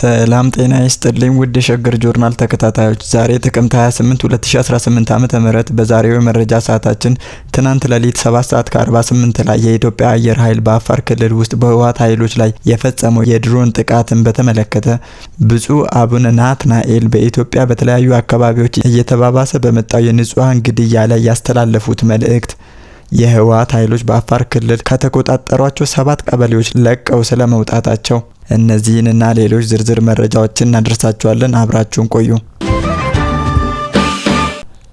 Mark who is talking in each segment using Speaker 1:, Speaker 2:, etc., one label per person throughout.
Speaker 1: ሰላም ጤና ይስጥልኝ ውድ ሸገር ጆርናል ተከታታዮች፣ ዛሬ ጥቅምት 28 2018 ዓ.ም በዛሬው የመረጃ ሰዓታችን ትናንት ሌሊት 7 ሰዓት ከ48 ላይ የኢትዮጵያ አየር ኃይል በአፋር ክልል ውስጥ በህወሓት ኃይሎች ላይ የፈጸመው የድሮን ጥቃትን በተመለከተ ብፁዕ አቡነ ናትናኤል በኢትዮጵያ በተለያዩ አካባቢዎች እየተባባሰ በመጣው የንጹሐን ግድያ ላይ ያስተላለፉት መልእክት የህወሓት ኃይሎች በአፋር ክልል ከተቆጣጠሯቸው ሰባት ቀበሌዎች ለቀው ስለመውጣታቸው እነዚህንና ሌሎች ዝርዝር መረጃዎችን እናደርሳችኋለን። አብራችሁን ቆዩ።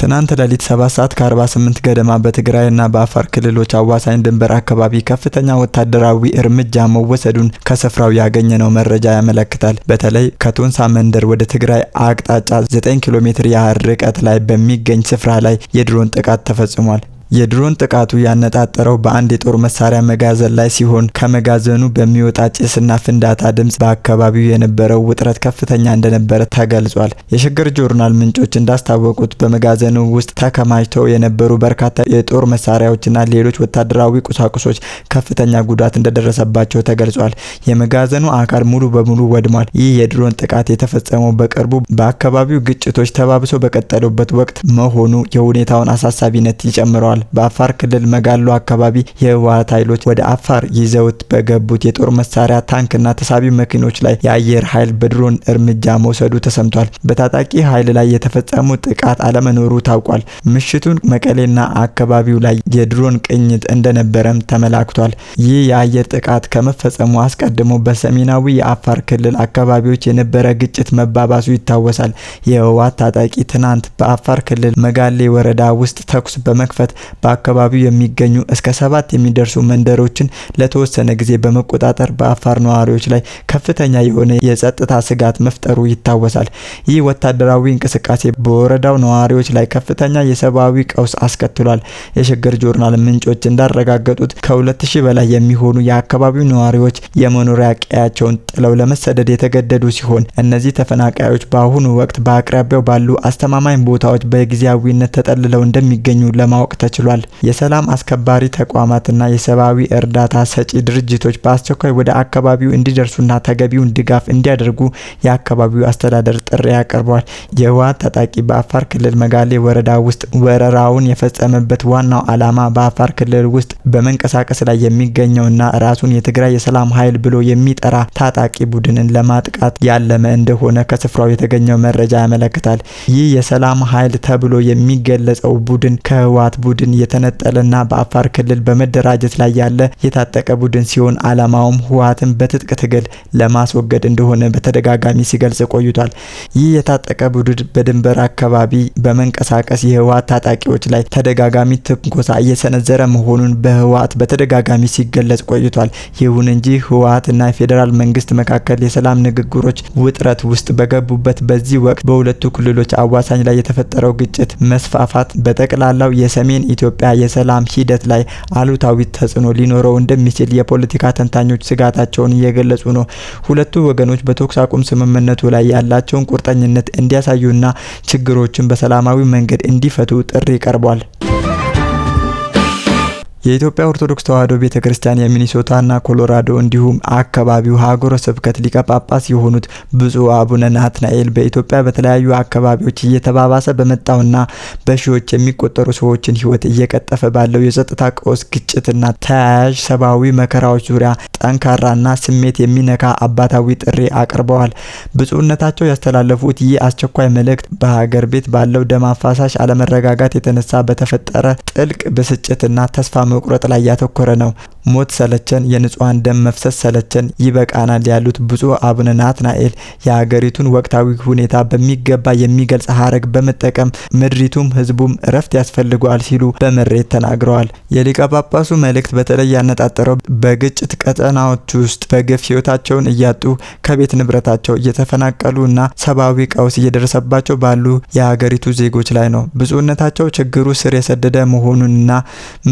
Speaker 1: ትናንት ሌሊት 7 ሰዓት ከ48 ገደማ በትግራይና በአፋር ክልሎች አዋሳኝ ድንበር አካባቢ ከፍተኛ ወታደራዊ እርምጃ መወሰዱን ከስፍራው ያገኘነው መረጃ ያመለክታል። በተለይ ከቱንሳ መንደር ወደ ትግራይ አቅጣጫ 9 ኪሎ ሜትር ያህል ርቀት ላይ በሚገኝ ስፍራ ላይ የድሮን ጥቃት ተፈጽሟል። የድሮን ጥቃቱ ያነጣጠረው በአንድ የጦር መሳሪያ መጋዘን ላይ ሲሆን ከመጋዘኑ በሚወጣ ጭስና ፍንዳታ ድምፅ በአካባቢው የነበረው ውጥረት ከፍተኛ እንደነበረ ተገልጿል። የሽግር ጆርናል ምንጮች እንዳስታወቁት በመጋዘኑ ውስጥ ተከማችተው የነበሩ በርካታ የጦር መሳሪያዎችና ሌሎች ወታደራዊ ቁሳቁሶች ከፍተኛ ጉዳት እንደደረሰባቸው ተገልጿል። የመጋዘኑ አካል ሙሉ በሙሉ ወድሟል። ይህ የድሮን ጥቃት የተፈጸመው በቅርቡ በአካባቢው ግጭቶች ተባብሰው በቀጠሉበት ወቅት መሆኑ የሁኔታውን አሳሳቢነት ይጨምረዋል። ተናግረዋል። በአፋር ክልል መጋሎ አካባቢ የህወሀት ኃይሎች ወደ አፋር ይዘውት በገቡት የጦር መሳሪያ ታንክና ተሳቢ መኪኖች ላይ የአየር ኃይል በድሮን እርምጃ መውሰዱ ተሰምቷል። በታጣቂ ኃይል ላይ የተፈጸሙ ጥቃት አለመኖሩ ታውቋል። ምሽቱን መቀሌና አካባቢው ላይ የድሮን ቅኝት እንደነበረም ተመላክቷል። ይህ የአየር ጥቃት ከመፈጸሙ አስቀድሞ በሰሜናዊ የአፋር ክልል አካባቢዎች የነበረ ግጭት መባባሱ ይታወሳል። የህወሀት ታጣቂ ትናንት በአፋር ክልል መጋሌ ወረዳ ውስጥ ተኩስ በመክፈት በአካባቢው የሚገኙ እስከ ሰባት የሚደርሱ መንደሮችን ለተወሰነ ጊዜ በመቆጣጠር በአፋር ነዋሪዎች ላይ ከፍተኛ የሆነ የጸጥታ ስጋት መፍጠሩ ይታወሳል። ይህ ወታደራዊ እንቅስቃሴ በወረዳው ነዋሪዎች ላይ ከፍተኛ የሰብአዊ ቀውስ አስከትሏል። የሸገር ጆርናል ምንጮች እንዳረጋገጡት ከ2000 በላይ የሚሆኑ የአካባቢው ነዋሪዎች የመኖሪያ ቀያቸውን ጥለው ለመሰደድ የተገደዱ ሲሆን እነዚህ ተፈናቃዮች በአሁኑ ወቅት በአቅራቢያው ባሉ አስተማማኝ ቦታዎች በጊዜያዊነት ተጠልለው እንደሚገኙ ለማወቅ ተችሏል። ችሏል። የሰላም አስከባሪ ተቋማትና የሰብአዊ እርዳታ ሰጪ ድርጅቶች በአስቸኳይ ወደ አካባቢው እንዲደርሱና ተገቢውን ድጋፍ እንዲያደርጉ የአካባቢው አስተዳደር ጥሪ ያቀርቧል። የህወሓት ታጣቂ በአፋር ክልል መጋሌ ወረዳ ውስጥ ወረራውን የፈጸመበት ዋናው ዓላማ በአፋር ክልል ውስጥ በመንቀሳቀስ ላይ የሚገኘውና ራሱን የትግራይ የሰላም ኃይል ብሎ የሚጠራ ታጣቂ ቡድንን ለማጥቃት ያለመ እንደሆነ ከስፍራው የተገኘው መረጃ ያመለክታል። ይህ የሰላም ኃይል ተብሎ የሚገለጸው ቡድን ከህወሓት ቡድን ቡድን የተነጠለና በአፋር ክልል በመደራጀት ላይ ያለ የታጠቀ ቡድን ሲሆን አላማውም ህወሓትን በትጥቅ ትግል ለማስወገድ እንደሆነ በተደጋጋሚ ሲገልጽ ቆይቷል። ይህ የታጠቀ ቡድን በድንበር አካባቢ በመንቀሳቀስ የህወሓት ታጣቂዎች ላይ ተደጋጋሚ ትንኮሳ እየሰነዘረ መሆኑን በህወሓት በተደጋጋሚ ሲገለጽ ቆይቷል። ይሁን እንጂ ህወሓትና የፌዴራል መንግስት መካከል የሰላም ንግግሮች ውጥረት ውስጥ በገቡበት በዚህ ወቅት በሁለቱ ክልሎች አዋሳኝ ላይ የተፈጠረው ግጭት መስፋፋት በጠቅላላው የሰሜን ኢትዮጵያ የሰላም ሂደት ላይ አሉታዊ ተጽዕኖ ሊኖረው እንደሚችል የፖለቲካ ተንታኞች ስጋታቸውን እየገለጹ ነው። ሁለቱ ወገኖች በተኩስ አቁም ስምምነቱ ላይ ያላቸውን ቁርጠኝነት እንዲያሳዩና ችግሮችን በሰላማዊ መንገድ እንዲፈቱ ጥሪ ቀርቧል። የኢትዮጵያ ኦርቶዶክስ ተዋሕዶ ቤተ ክርስቲያን የሚኒሶታና ኮሎራዶ እንዲሁም አካባቢው ሀገረ ስብከት ሊቀ ጳጳስ የሆኑት ብፁዕ አቡነ ናትናኤል በኢትዮጵያ በተለያዩ አካባቢዎች እየተባባሰ በመጣውና በሺዎች የሚቆጠሩ ሰዎችን ሕይወት እየቀጠፈ ባለው የጸጥታ ቀውስ፣ ግጭትና ተያያዥ ሰብአዊ መከራዎች ዙሪያ ጠንካራና ስሜት የሚነካ አባታዊ ጥሪ አቅርበዋል። ብፁዕነታቸው ያስተላለፉት ይህ አስቸኳይ መልእክት በሀገር ቤት ባለው ደም አፋሳሽ አለመረጋጋት የተነሳ በተፈጠረ ጥልቅ ብስጭትና ተስፋ መቁረጥ ላይ ያተኮረ ነው። ሞት ሰለቸን፣ የንጹሐን ደም መፍሰስ ሰለቸን፣ ይበቃናል ያሉት ብፁዕ አቡነ ናትናኤል የሀገሪቱን ወቅታዊ ሁኔታ በሚገባ የሚገልጽ ሀረግ በመጠቀም ምድሪቱም ህዝቡም እረፍት ያስፈልገዋል ሲሉ በምሬት ተናግረዋል። የሊቀ ጳጳሱ መልእክት በተለይ ያነጣጠረው በግጭት ቀጠናዎች ውስጥ በግፍ ህይወታቸውን እያጡ ከቤት ንብረታቸው እየተፈናቀሉ እና ሰብአዊ ቀውስ እየደረሰባቸው ባሉ የሀገሪቱ ዜጎች ላይ ነው። ብፁዕነታቸው ችግሩ ስር የሰደደ መሆኑንና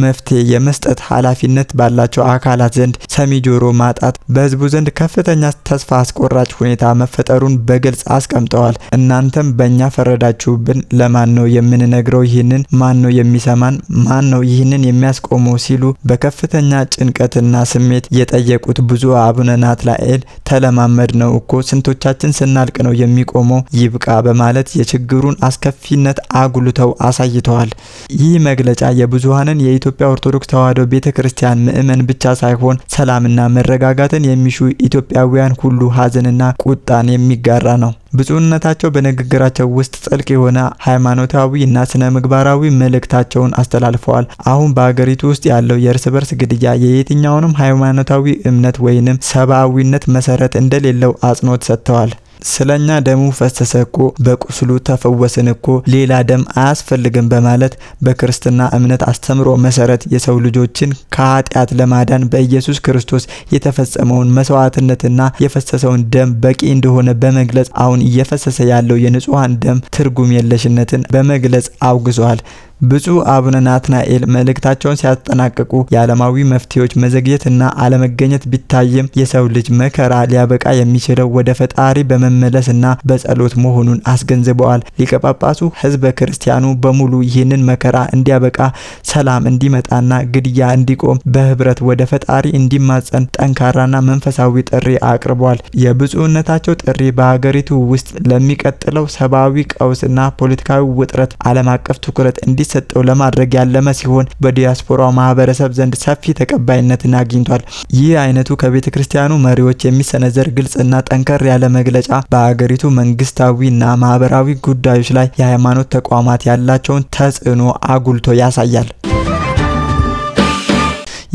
Speaker 1: መፍትሄ የመስጠት ኃላፊነት ባላቸው ባላቸው አካላት ዘንድ ሰሚ ጆሮ ማጣት በህዝቡ ዘንድ ከፍተኛ ተስፋ አስቆራጭ ሁኔታ መፈጠሩን በግልጽ አስቀምጠዋል። እናንተም በእኛ ፈረዳችሁብን፣ ለማን ነው የምንነግረው? ይህንን ማን ነው የሚሰማን? ማን ነው ይህንን የሚያስቆመው? ሲሉ በከፍተኛ ጭንቀትና ስሜት የጠየቁት ብዙ አቡነ ናትናኤል ተለማመድ ነው እኮ ስንቶቻችን ስናልቅ ነው የሚቆመው? ይብቃ በማለት የችግሩን አስከፊነት አጉልተው አሳይተዋል። ይህ መግለጫ የብዙሀንን የኢትዮጵያ ኦርቶዶክስ ተዋሕዶ ቤተ ክርስቲያን ምእመ የመን ብቻ ሳይሆን ሰላምና መረጋጋትን የሚሹ ኢትዮጵያውያን ሁሉ ሀዘንና ቁጣን የሚጋራ ነው። ብፁዕነታቸው በንግግራቸው ውስጥ ጥልቅ የሆነ ሃይማኖታዊ እና ስነ ምግባራዊ መልእክታቸውን አስተላልፈዋል። አሁን በአገሪቱ ውስጥ ያለው የእርስ በርስ ግድያ የየትኛውንም ሃይማኖታዊ እምነት ወይንም ሰብአዊነት መሰረት እንደሌለው አጽንኦት ሰጥተዋል። ስለኛ ደሙ ፈሰሰ እኮ በቁስሉ ተፈወስን እኮ ሌላ ደም አያስፈልግም በማለት በክርስትና እምነት አስተምሮ መሰረት የሰው ልጆችን ከኃጢአት ለማዳን በኢየሱስ ክርስቶስ የተፈጸመውን መስዋዕትነትና የፈሰሰውን ደም በቂ እንደሆነ በመግለጽ አሁን እየፈሰሰ ያለው የንጹሐን ደም ትርጉም የለሽነትን በመግለጽ አውግዟል። ብፁዕ አቡነ ናትናኤል መልእክታቸውን ሲያጠናቅቁ የዓለማዊ መፍትሄዎች መዘግየትና አለመገኘት ቢታይም የሰው ልጅ መከራ ሊያበቃ የሚችለው ወደ ፈጣሪ በመመለስና በጸሎት መሆኑን አስገንዝበዋል። ሊቀጳጳሱ ህዝበ ሕዝበ ክርስቲያኑ በሙሉ ይህንን መከራ እንዲያበቃ፣ ሰላም እንዲመጣና ግድያ እንዲቆም በህብረት ወደ ፈጣሪ እንዲማጸን ጠንካራና መንፈሳዊ ጥሪ አቅርቧል። የብፁዕነታቸው ጥሪ በሀገሪቱ ውስጥ ለሚቀጥለው ሰብአዊ ቀውስና ፖለቲካዊ ውጥረት ዓለም አቀፍ ትኩረት እንዲ እንዲሰጠው ለማድረግ ያለመ ሲሆን በዲያስፖራው ማህበረሰብ ዘንድ ሰፊ ተቀባይነትን አግኝቷል። ይህ አይነቱ ከቤተ ክርስቲያኑ መሪዎች የሚሰነዘር ግልጽና ጠንከር ያለ መግለጫ በአገሪቱ መንግስታዊና ማህበራዊ ጉዳዮች ላይ የሃይማኖት ተቋማት ያላቸውን ተጽዕኖ አጉልቶ ያሳያል።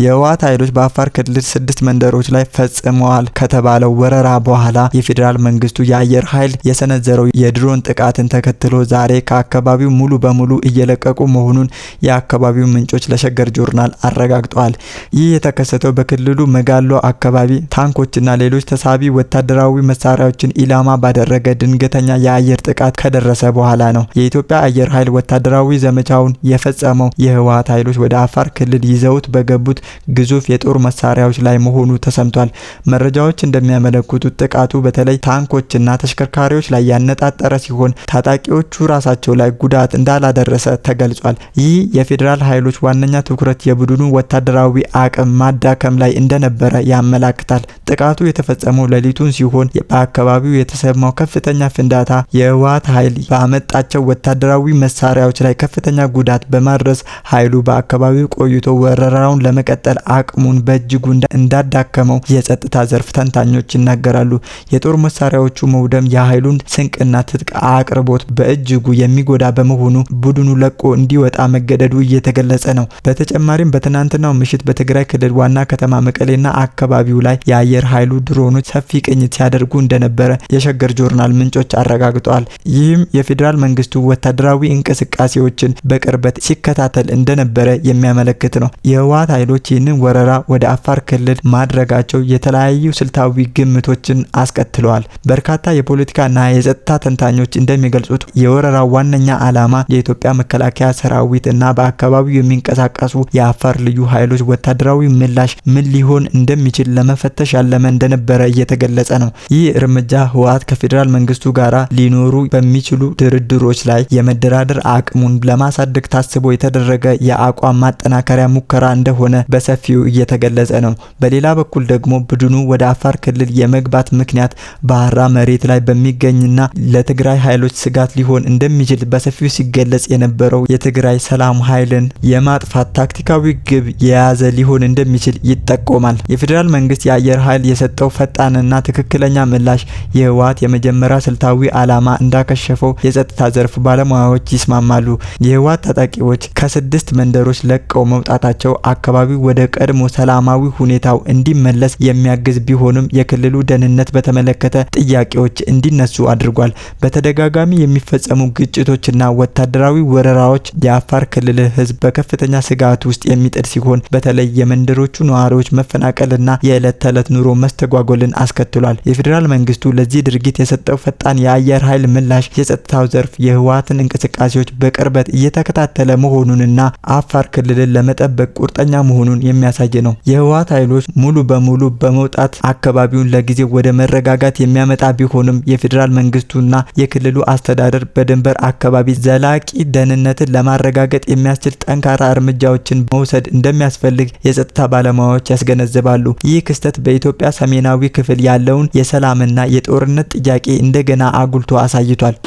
Speaker 1: የህወሓት ኃይሎች በአፋር ክልል ስድስት መንደሮች ላይ ፈጽመዋል ከተባለው ወረራ በኋላ የፌዴራል መንግስቱ የአየር ኃይል የሰነዘረው የድሮን ጥቃትን ተከትሎ ዛሬ ከአካባቢው ሙሉ በሙሉ እየለቀቁ መሆኑን የአካባቢው ምንጮች ለሸገር ጆርናል አረጋግጠዋል። ይህ የተከሰተው በክልሉ መጋሎ አካባቢ ታንኮችና ሌሎች ተሳቢ ወታደራዊ መሳሪያዎችን ኢላማ ባደረገ ድንገተኛ የአየር ጥቃት ከደረሰ በኋላ ነው። የኢትዮጵያ አየር ኃይል ወታደራዊ ዘመቻውን የፈጸመው የህወሓት ኃይሎች ወደ አፋር ክልል ይዘውት በገቡት ግዙፍ የጦር መሳሪያዎች ላይ መሆኑ ተሰምቷል። መረጃዎች እንደሚያመለክቱት ጥቃቱ በተለይ ታንኮችና ተሽከርካሪዎች ላይ ያነጣጠረ ሲሆን ታጣቂዎቹ ራሳቸው ላይ ጉዳት እንዳላደረሰ ተገልጿል። ይህ የፌዴራል ኃይሎች ዋነኛ ትኩረት የቡድኑ ወታደራዊ አቅም ማዳከም ላይ እንደነበረ ያመላክታል። ጥቃቱ የተፈጸመው ሌሊቱን ሲሆን በአካባቢው የተሰማው ከፍተኛ ፍንዳታ የህወሓት ኃይል ባመጣቸው ወታደራዊ መሳሪያዎች ላይ ከፍተኛ ጉዳት በማድረስ ኃይሉ በአካባቢው ቆይቶ ወረራውን ለመቀ የመቀጠል አቅሙን በእጅጉ እንዳዳከመው የጸጥታ ዘርፍ ተንታኞች ይናገራሉ። የጦር መሳሪያዎቹ መውደም የኃይሉን ስንቅና ትጥቅ አቅርቦት በእጅጉ የሚጎዳ በመሆኑ ቡድኑ ለቆ እንዲወጣ መገደዱ እየተገለጸ ነው። በተጨማሪም በትናንትናው ምሽት በትግራይ ክልል ዋና ከተማ መቀሌና አካባቢው ላይ የአየር ኃይሉ ድሮኖች ሰፊ ቅኝት ሲያደርጉ እንደነበረ የሸገር ጆርናል ምንጮች አረጋግጠዋል። ይህም የፌዴራል መንግስቱ ወታደራዊ እንቅስቃሴዎችን በቅርበት ሲከታተል እንደነበረ የሚያመለክት ነው። የህወሓት ኃይሎች ኃይሎች ይህንን ወረራ ወደ አፋር ክልል ማድረጋቸው የተለያዩ ስልታዊ ግምቶችን አስከትለዋል። በርካታ የፖለቲካና የጸጥታ ተንታኞች እንደሚገልጹት የወረራው ዋነኛ ዓላማ የኢትዮጵያ መከላከያ ሰራዊት እና በአካባቢው የሚንቀሳቀሱ የአፋር ልዩ ኃይሎች ወታደራዊ ምላሽ ምን ሊሆን እንደሚችል ለመፈተሽ ያለመ እንደነበረ እየተገለጸ ነው። ይህ እርምጃ ህወሓት ከፌዴራል መንግስቱ ጋር ሊኖሩ በሚችሉ ድርድሮች ላይ የመደራደር አቅሙን ለማሳደግ ታስቦ የተደረገ የአቋም ማጠናከሪያ ሙከራ እንደሆነ በሰፊው እየተገለጸ ነው። በሌላ በኩል ደግሞ ቡድኑ ወደ አፋር ክልል የመግባት ምክንያት ባህራ መሬት ላይ በሚገኝና ለትግራይ ኃይሎች ስጋት ሊሆን እንደሚችል በሰፊው ሲገለጽ የነበረው የትግራይ ሰላም ኃይልን የማጥፋት ታክቲካዊ ግብ የያዘ ሊሆን እንደሚችል ይጠቆማል። የፌዴራል መንግስት የአየር ኃይል የሰጠው ፈጣንና ትክክለኛ ምላሽ የህወሀት የመጀመሪያ ስልታዊ ዓላማ እንዳከሸፈው የጸጥታ ዘርፍ ባለሙያዎች ይስማማሉ። የህወሀት ታጣቂዎች ከስድስት መንደሮች ለቀው መውጣታቸው አካባቢው ወደ ቀድሞ ሰላማዊ ሁኔታው እንዲመለስ የሚያግዝ ቢሆንም የክልሉ ደህንነት በተመለከተ ጥያቄዎች እንዲነሱ አድርጓል። በተደጋጋሚ የሚፈጸሙ ግጭቶችና ወታደራዊ ወረራዎች የአፋር ክልል ሕዝብ በከፍተኛ ስጋት ውስጥ የሚጥል ሲሆን በተለይ የመንደሮቹ ነዋሪዎች መፈናቀልና የዕለት ተዕለት ኑሮ መስተጓጎልን አስከትሏል። የፌዴራል መንግስቱ ለዚህ ድርጊት የሰጠው ፈጣን የአየር ኃይል ምላሽ የጸጥታው ዘርፍ የህወሀትን እንቅስቃሴዎች በቅርበት እየተከታተለ መሆኑንና አፋር ክልልን ለመጠበቅ ቁርጠኛ መሆኑን መሆኑን የሚያሳይ ነው። የህወሀት ኃይሎች ሙሉ በሙሉ በመውጣት አካባቢውን ለጊዜ ወደ መረጋጋት የሚያመጣ ቢሆንም የፌዴራል መንግስቱና የክልሉ አስተዳደር በድንበር አካባቢ ዘላቂ ደህንነትን ለማረጋገጥ የሚያስችል ጠንካራ እርምጃዎችን መውሰድ እንደሚያስፈልግ የጸጥታ ባለሙያዎች ያስገነዝባሉ። ይህ ክስተት በኢትዮጵያ ሰሜናዊ ክፍል ያለውን የሰላምና የጦርነት ጥያቄ እንደገና አጉልቶ አሳይቷል።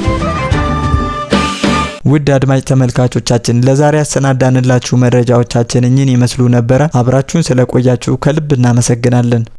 Speaker 1: ውድ አድማጭ ተመልካቾቻችን ለዛሬ ያሰናዳንላችሁ መረጃዎቻችን እኚህን ይመስሉ ነበረ። አብራችሁን ስለቆያችሁ ከልብ እናመሰግናለን።